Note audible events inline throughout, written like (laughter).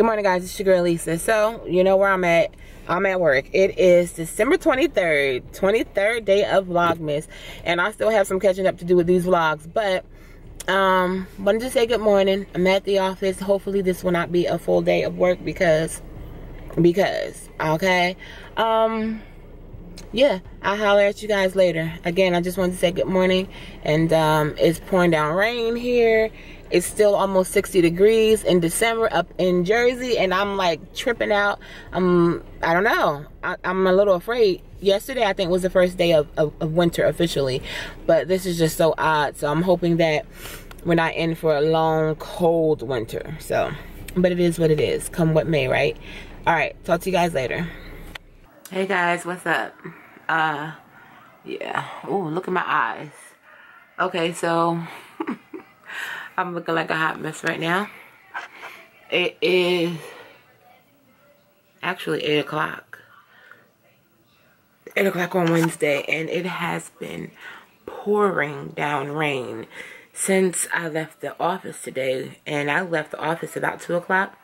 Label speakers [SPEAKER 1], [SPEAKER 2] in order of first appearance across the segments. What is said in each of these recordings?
[SPEAKER 1] Good morning, guys. It's your girl, Lisa. So, you know where I'm at. I'm at work. It is December 23rd, 23rd day of Vlogmas. And I still have some catching up to do with these vlogs. But, um, wanted to say good morning. I'm at the office. Hopefully this will not be a full day of work because, because, okay? Um, yeah, I'll holler at you guys later. Again, I just wanted to say good morning. And, um, it's pouring down rain here it's still almost 60 degrees in December up in Jersey, and I'm like tripping out. I'm, I don't know. I, am a little afraid. Yesterday, I think, was the first day of, of, of winter officially, but this is just so odd. So I'm hoping that we're not in for a long, cold winter. So, but it is what it is, come what may, right? All right, talk to you guys later. Hey guys, what's up? Uh, yeah. Oh, look at my eyes. Okay, so (laughs) I'm looking like a hot mess right now. It is actually 8 o'clock. 8 o'clock on Wednesday, and it has been pouring down rain since I left the office today. And I left the office about 2 o'clock.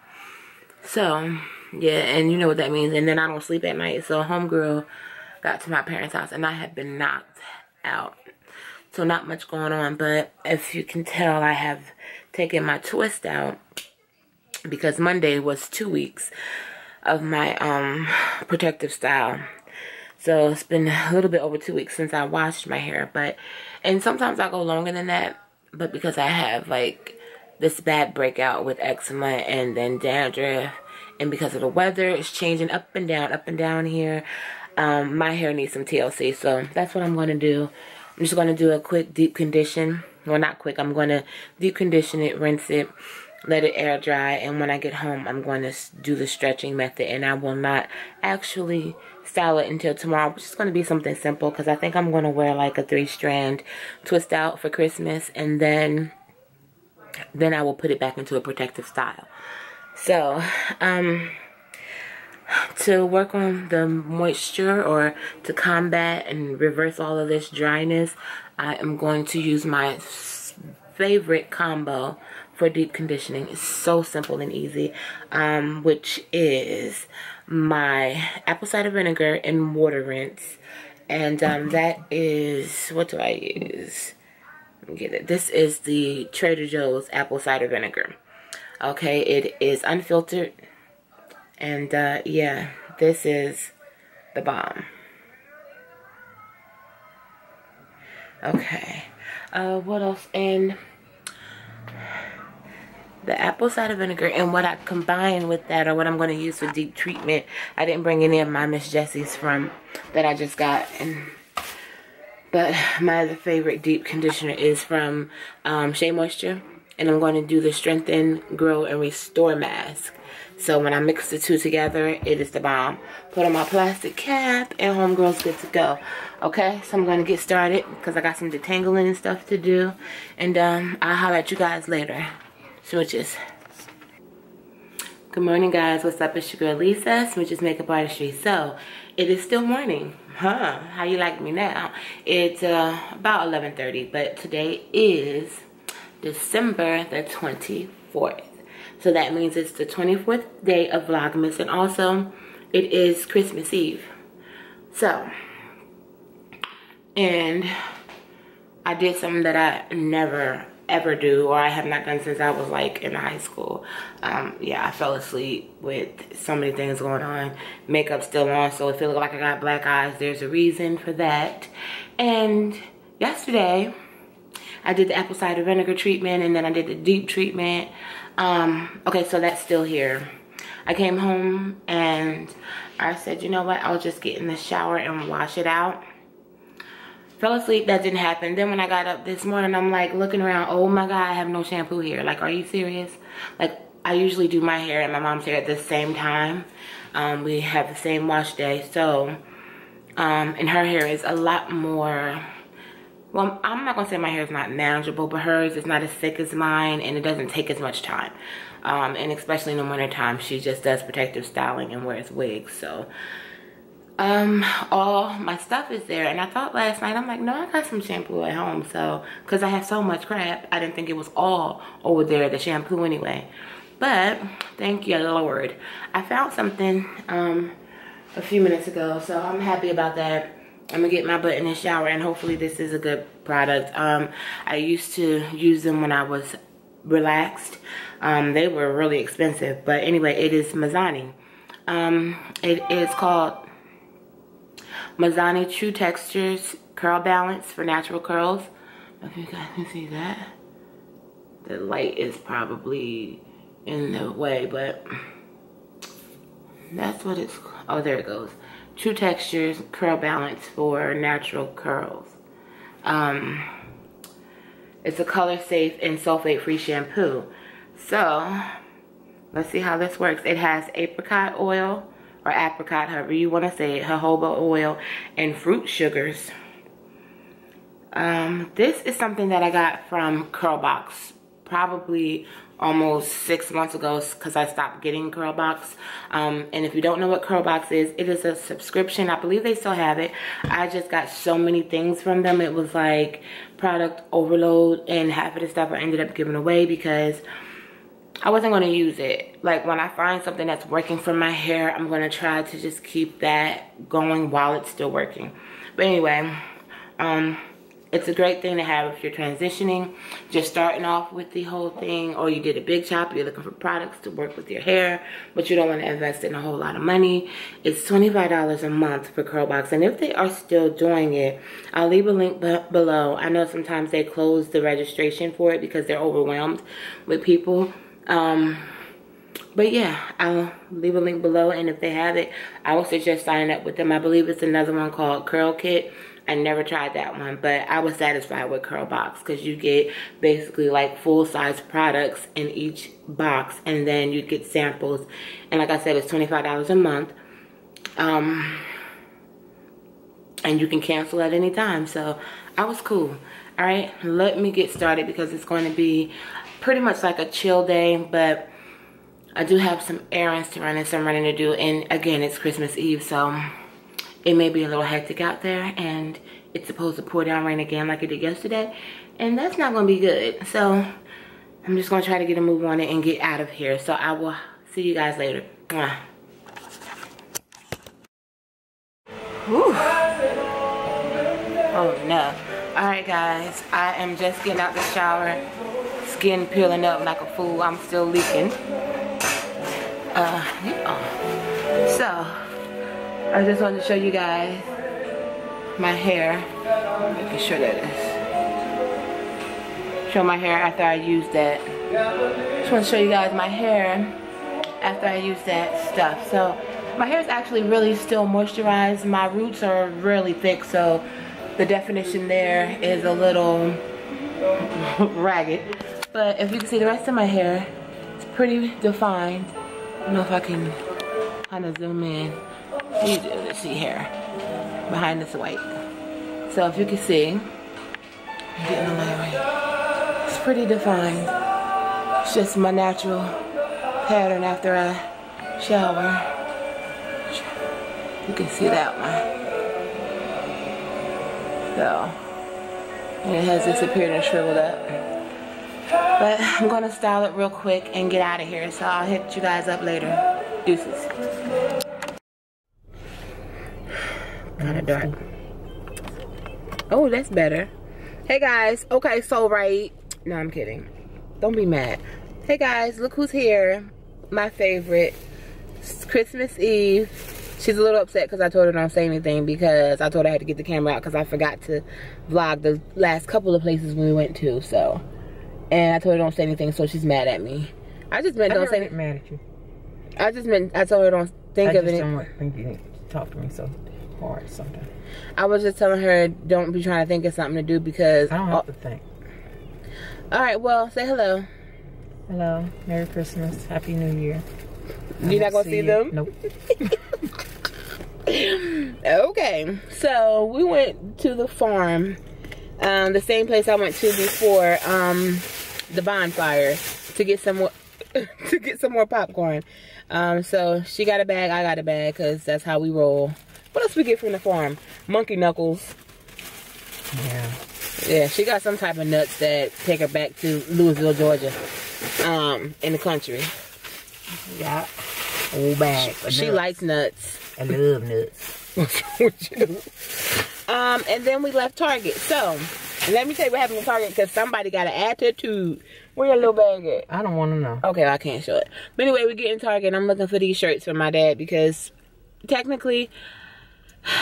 [SPEAKER 1] So, yeah, and you know what that means. And then I don't sleep at night. So, homegirl got to my parents' house, and I had been knocked out so not much going on. But as you can tell, I have taken my twist out because Monday was two weeks of my um, protective style. So it's been a little bit over two weeks since I washed my hair. But, and sometimes I go longer than that. But because I have like this bad breakout with eczema and then dandruff. And because of the weather, it's changing up and down, up and down here. Um, my hair needs some TLC. So that's what I'm going to do. I'm just going to do a quick deep condition. Well, not quick. I'm going to deep condition it, rinse it, let it air dry. And when I get home, I'm going to do the stretching method. And I will not actually style it until tomorrow, which is going to be something simple. Because I think I'm going to wear like a three-strand twist out for Christmas. And then, then I will put it back into a protective style. So, um to work on the moisture or to combat and reverse all of this dryness, I am going to use my favorite combo for deep conditioning. It's so simple and easy, um, which is my apple cider vinegar and water rinse. And um, that is, what do I use? get it. This is the Trader Joe's apple cider vinegar. Okay, it is unfiltered and uh, yeah, this is the bomb. Okay. Uh, what else? And the apple cider vinegar and what I combine with that or what I'm going to use for deep treatment. I didn't bring any of my Miss Jessie's from that I just got. And But my other favorite deep conditioner is from um, Shea Moisture and I'm going to do the strengthen, grow, and restore mask. So when I mix the two together, it is the bomb. Put on my plastic cap and homegirl's good to go. Okay, so I'm going to get started because I got some detangling and stuff to do. And um, I'll holler at you guys later. Switches. Good morning, guys. What's up? It's your girl Lisa, Switches Makeup Artistry. So, it is still morning. Huh, how you like me now? It's uh, about 11.30, but today is December the 24th. So that means it's the 24th day of Vlogmas and also it is Christmas Eve. So, and I did something that I never ever do or I have not done since I was like in high school. Um, yeah, I fell asleep with so many things going on. Makeup still on, so it feels like I got black eyes. There's a reason for that. And yesterday, I did the apple cider vinegar treatment and then I did the deep treatment. Um, okay, so that's still here. I came home and I said, you know what? I'll just get in the shower and wash it out. Fell asleep, that didn't happen. Then when I got up this morning, I'm like looking around, oh my God, I have no shampoo here. Like, are you serious? Like, I usually do my hair and my mom's hair at the same time. Um, we have the same wash day, so, um, and her hair is a lot more well, I'm not gonna say my hair is not manageable, but hers is not as thick as mine and it doesn't take as much time. Um, and especially in the wintertime, she just does protective styling and wears wigs, so. Um, all my stuff is there and I thought last night, I'm like, no, I got some shampoo at home, so, cause I have so much crap, I didn't think it was all over there, the shampoo anyway. But, thank you, Lord. I found something, um, a few minutes ago, so I'm happy about that. I'm gonna get my butt in the shower and hopefully this is a good product. Um, I used to use them when I was relaxed. Um, they were really expensive, but anyway, it is Mazzani. Um, it is called Mazzani True Textures Curl Balance for Natural Curls. If you guys can see that. The light is probably in the way, but that's what it's, oh, there it goes. True Textures Curl Balance for Natural Curls. Um, it's a color safe and sulfate free shampoo. So, let's see how this works. It has apricot oil or apricot, however you want to say it, jojoba oil, and fruit sugars. Um, this is something that I got from Curlbox probably almost six months ago because I stopped getting Curlbox. Um, and if you don't know what Curlbox is, it is a subscription. I believe they still have it. I just got so many things from them. It was like product overload and half of the stuff I ended up giving away because I wasn't going to use it. Like when I find something that's working for my hair, I'm going to try to just keep that going while it's still working. But anyway, um, it's a great thing to have if you're transitioning, just starting off with the whole thing, or you did a big chop, you're looking for products to work with your hair, but you don't want to invest in a whole lot of money. It's $25 a month for Curlbox, and if they are still doing it, I'll leave a link below. I know sometimes they close the registration for it because they're overwhelmed with people. Um, but yeah, I'll leave a link below. And if they have it, I would suggest signing up with them. I believe it's another one called Curl Kit. I never tried that one, but I was satisfied with Curl Box because you get basically like full-size products in each box and then you get samples. And like I said, it's $25 a month. Um, and you can cancel at any time. So I was cool. All right, let me get started because it's going to be pretty much like a chill day, but I do have some errands to run and some running to do. And again, it's Christmas Eve, so it may be a little hectic out there and it's supposed to pour down rain again like it did yesterday. And that's not going to be good. So I'm just going to try to get a move on it and get out of here. So I will see you guys later. Mwah. Oh no. Alright guys, I am just getting out the shower. Skin peeling up like a fool. I'm still leaking. Uh, yeah. So, I just wanted to show you guys my hair. Making sure that is. Show my hair after I use that. Just want to show you guys my hair after I use that stuff. So my hair is actually really still moisturized. My roots are really thick, so the definition there is a little (laughs) ragged. But if you can see the rest of my hair, it's pretty defined. I don't know if I can kind of zoom in you do, see here, behind this white. So if you can see, I'm getting It's pretty defined. It's just my natural pattern after I shower. You can see that one. So, and it has disappeared and shriveled up. But I'm gonna style it real quick and get out of here. So I'll hit you guys up later. Deuces. gotta Oh, that's better. Hey guys, okay, so right. No, I'm kidding. Don't be mad. Hey guys, look who's here. My favorite. It's Christmas Eve. She's a little upset because I told her don't say anything because I told her I had to get the camera out because I forgot to vlog the last couple of places we went to, so. And I told her don't say anything, so she's mad at me. I just meant I don't say anything. mad at you. I just meant, I told her don't think I of it. I just don't want to talk to me, so hard sometimes. I was just telling her, don't be trying to think of something to do because I don't have to think. All right, well, say hello. Hello. Merry Christmas. Happy New Year.
[SPEAKER 2] You're not gonna see, see them?
[SPEAKER 1] Nope. (laughs) okay, so we went to the farm, um, the same place I went to before um, the bonfire to get some more, (laughs) to get some more popcorn. Um, so she got a bag, I got a bag, cause that's how we roll. What else we get from the farm? Monkey knuckles. Yeah. Yeah, she got some type of nuts that take her back to Louisville, Georgia, um, in the country. Yeah. Old bag. She, she likes nuts. I love nuts. (laughs) um, and then we left Target. So, let me tell you what happened with Target because somebody got an attitude. Where your little bag at? I don't want to know. Okay, I can't show it. But anyway, we get in Target and I'm looking for these shirts for my dad because technically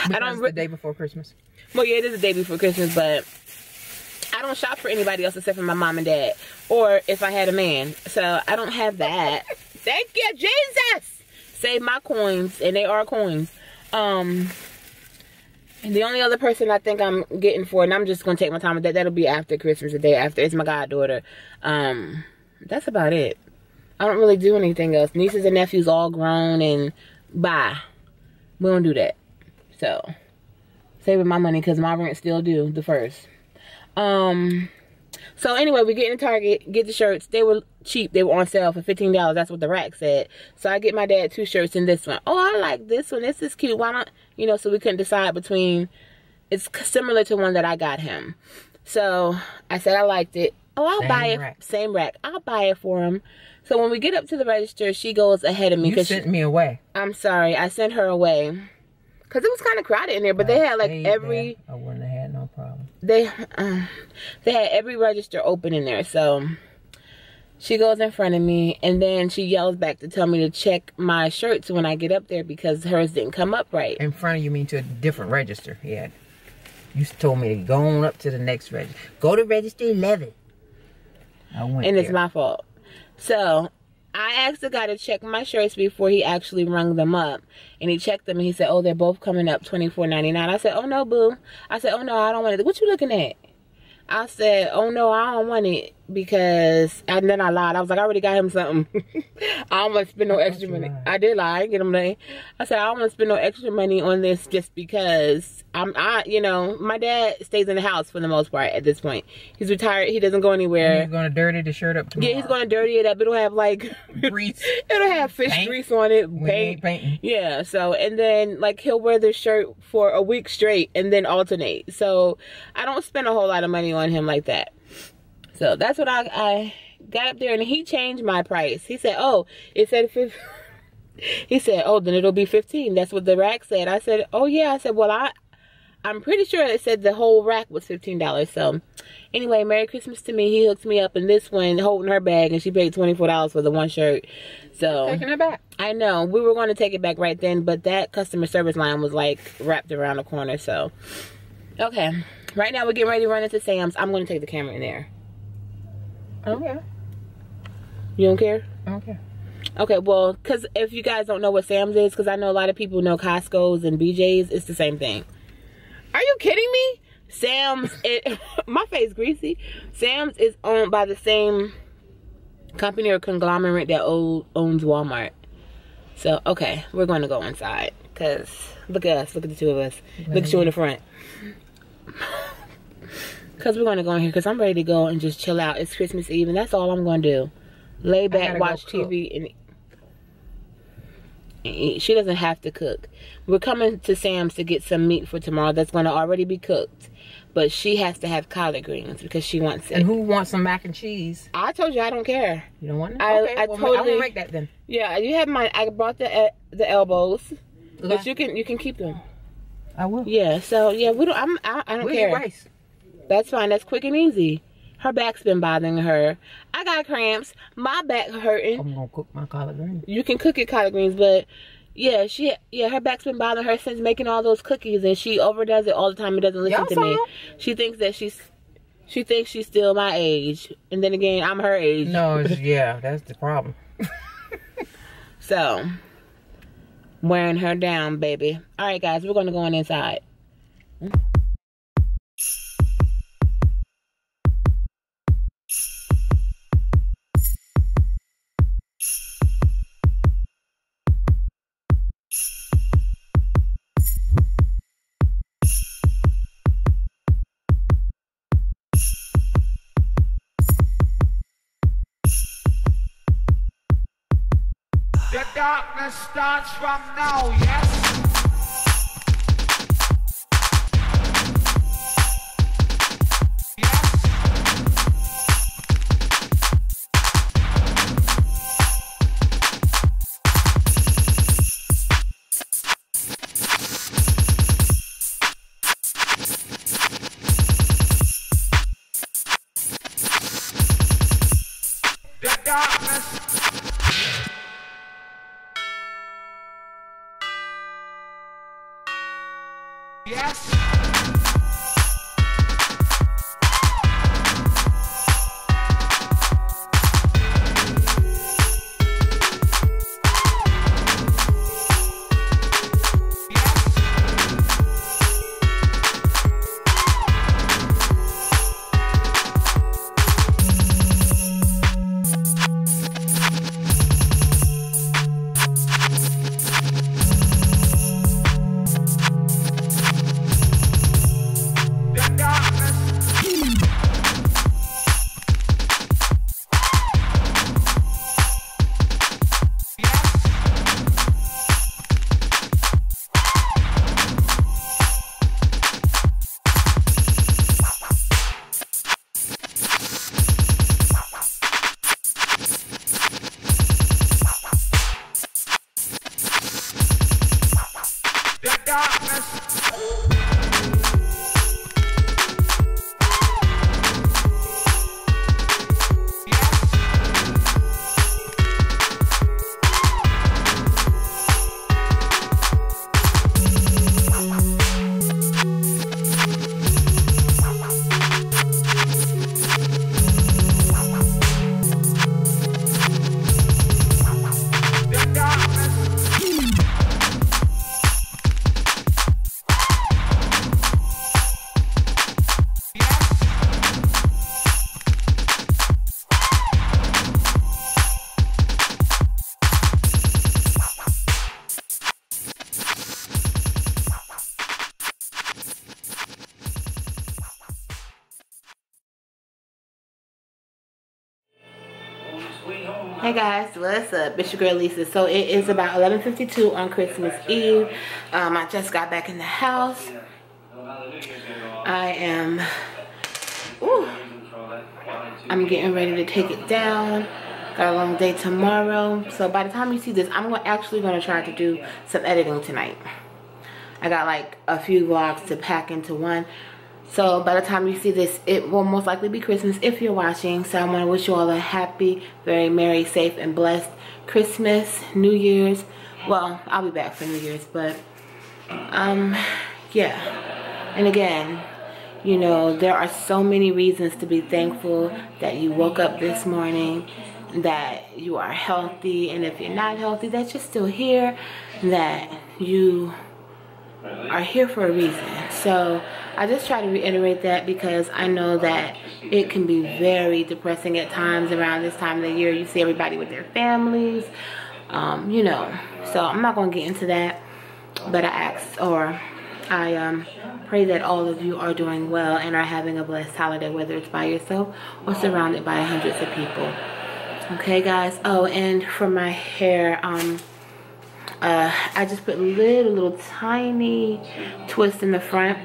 [SPEAKER 1] because I don't the day before Christmas. Well, yeah, it is the day before Christmas, but I don't shop for anybody else except for my mom and dad, or if I had a man. So I don't have that. Thank you, Jesus. Save my coins, and they are coins. Um, and the only other person I think I'm getting for, and I'm just gonna take my time with that. That'll be after Christmas, the day after. It's my goddaughter. Um, that's about it. I don't really do anything else. Nieces and nephews all grown, and bye. We don't do that. So, saving my money because my rent still due the first. Um, so anyway, we get in Target, get the shirts. They were cheap. They were on sale for $15. That's what the rack said. So I get my dad two shirts and this one. Oh, I like this one. This is cute. Why not? You know, so we couldn't decide between. It's similar to one that I got him. So I said I liked it. Oh, I'll same buy it. Rack. Same rack. I'll buy it for him. So when we get up to the register, she goes ahead of me. You sent she, me away. I'm sorry. I sent her away because it was kind of crowded in there, but I they had like every... There. I wouldn't have had no problem. They, uh, they had every register open in there, so... She goes in front of me and then she yells back to tell me to check my shirts when I get up there because hers didn't come up right. In front of you mean to a different register. Yeah. You told me to go on up to the next register. Go to register 11. I went And there. it's my fault. So I asked the guy to check my shirts before he actually rung them up. And he checked them and he said, Oh, they're both coming up $24.99. I said, Oh no, boo. I said, Oh no, I don't want it. What you looking at? I said, Oh no, I don't want it because and then I lied. I was like, I already got him something. (laughs) I don't want to spend no extra money. Lie. I did lie. I didn't get him I said I don't want to spend no extra money on this just because I'm I you know my dad stays in the house for the most part at this point. He's retired. He doesn't go anywhere. He's gonna dirty the shirt up. Tomorrow. Yeah, he's gonna dirty it up. It'll have like (laughs) grease. it'll have fish paint. grease on it. Paint. paint. Yeah. So and then like he'll wear this shirt for a week straight and then alternate. So I don't spend a whole lot of money on him like that. So that's what I, I got up there and he changed my price. He said, oh, it said (laughs) he said, oh, then it'll be 15. That's what the rack said. I said, oh yeah. I said, well, I, I'm pretty sure it said the whole rack was $15. So anyway, Merry Christmas to me. He hooked me up in this one holding her bag and she paid $24 for the one shirt. So taking it back. I know we were going to take it back right then, but that customer service line was like wrapped around the corner. So, okay. Right now we're getting ready to run into Sam's. I'm going to take the camera in there. Oh yeah, care. You don't care? I don't care. Okay, well, because if you guys don't know what Sam's is, because I know a lot of people know Costco's and BJ's, it's the same thing. Are you kidding me? Sam's, (laughs) it, (laughs) my face greasy. Sam's is owned by the same company or conglomerate that owns Walmart. So, okay, we're going to go inside. Because look at us, look at the two of us. Look at you in the front. (laughs) because we're going to go in here because I'm ready to go and just chill out. It's Christmas Eve, and that's all I'm going to do. Lay back, watch TV, and, eat. She doesn't have to cook. We're coming to Sam's to get some meat for tomorrow that's going to already be cooked. But she has to have collard greens because she wants it. And who wants some mac and cheese? I told you I don't care. You don't want it? I, okay, I well, totally, I will make that then. Yeah, you have mine. I brought the the elbows, okay. but you can you can keep them. I will. Yeah. So yeah, we don't. I'm, I, I don't care. rice. That's fine. That's quick and easy. Her back's been bothering her. I got cramps. My back hurting. I'm gonna cook my collard greens. You can cook your collard greens, but yeah, she yeah, her back's been bothering her since making all those cookies, and she overdoes it all the time. and doesn't listen to me. She thinks that she's she thinks she's still my age, and then again, I'm her age. No, yeah, that's the problem. (laughs) so, wearing her down, baby. All right, guys, we're gonna go on inside. starts from now, yes? darkness. guys what's up it's your girl Lisa so it is about 11:52 on Christmas Eve um, I just got back in the house I am ooh, I'm getting ready to take it down got a long day tomorrow so by the time you see this I'm actually gonna try to do some editing tonight I got like a few vlogs to pack into one so by the time you see this, it will most likely be Christmas if you're watching. So I want to wish you all a happy, very merry, safe, and blessed Christmas, New Year's. Well, I'll be back for New Year's, but um, yeah. And again, you know, there are so many reasons to be thankful that you woke up this morning, that you are healthy, and if you're not healthy, that you're still here, that you are here for a reason. So I just try to reiterate that because I know that it can be very depressing at times around this time of the year. You see everybody with their families, um, you know. So I'm not going to get into that. But I ask or I um, pray that all of you are doing well and are having a blessed holiday, whether it's by yourself or surrounded by hundreds of people. Okay, guys. Oh, and for my hair, um, uh, I just put little, little tiny twists in the front.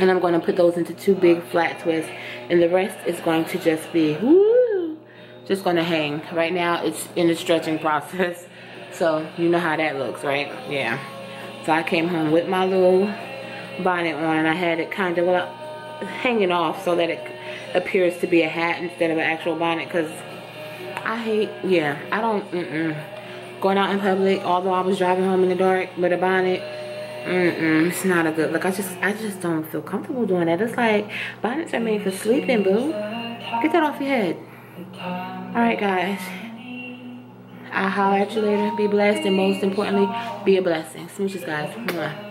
[SPEAKER 1] And I'm going to put those into two big flat twists. And the rest is going to just be, woo, just going to hang. Right now, it's in the stretching process. (laughs) So, you know how that looks, right? Yeah. So, I came home with my little bonnet on. And I had it kind of, well, hanging off so that it appears to be a hat instead of an actual bonnet. Because I hate, yeah, I don't, mm-mm going out in public, although I was driving home in the dark with a bonnet. Mm-mm, it's not a good look. I just, I just don't feel comfortable doing that. It's like bonnets are made for sleeping, boo. Get that off your head. All right, guys. I'll holler at you later. Be blessed, and most importantly, be a blessing. Smooches, guys. Mwah.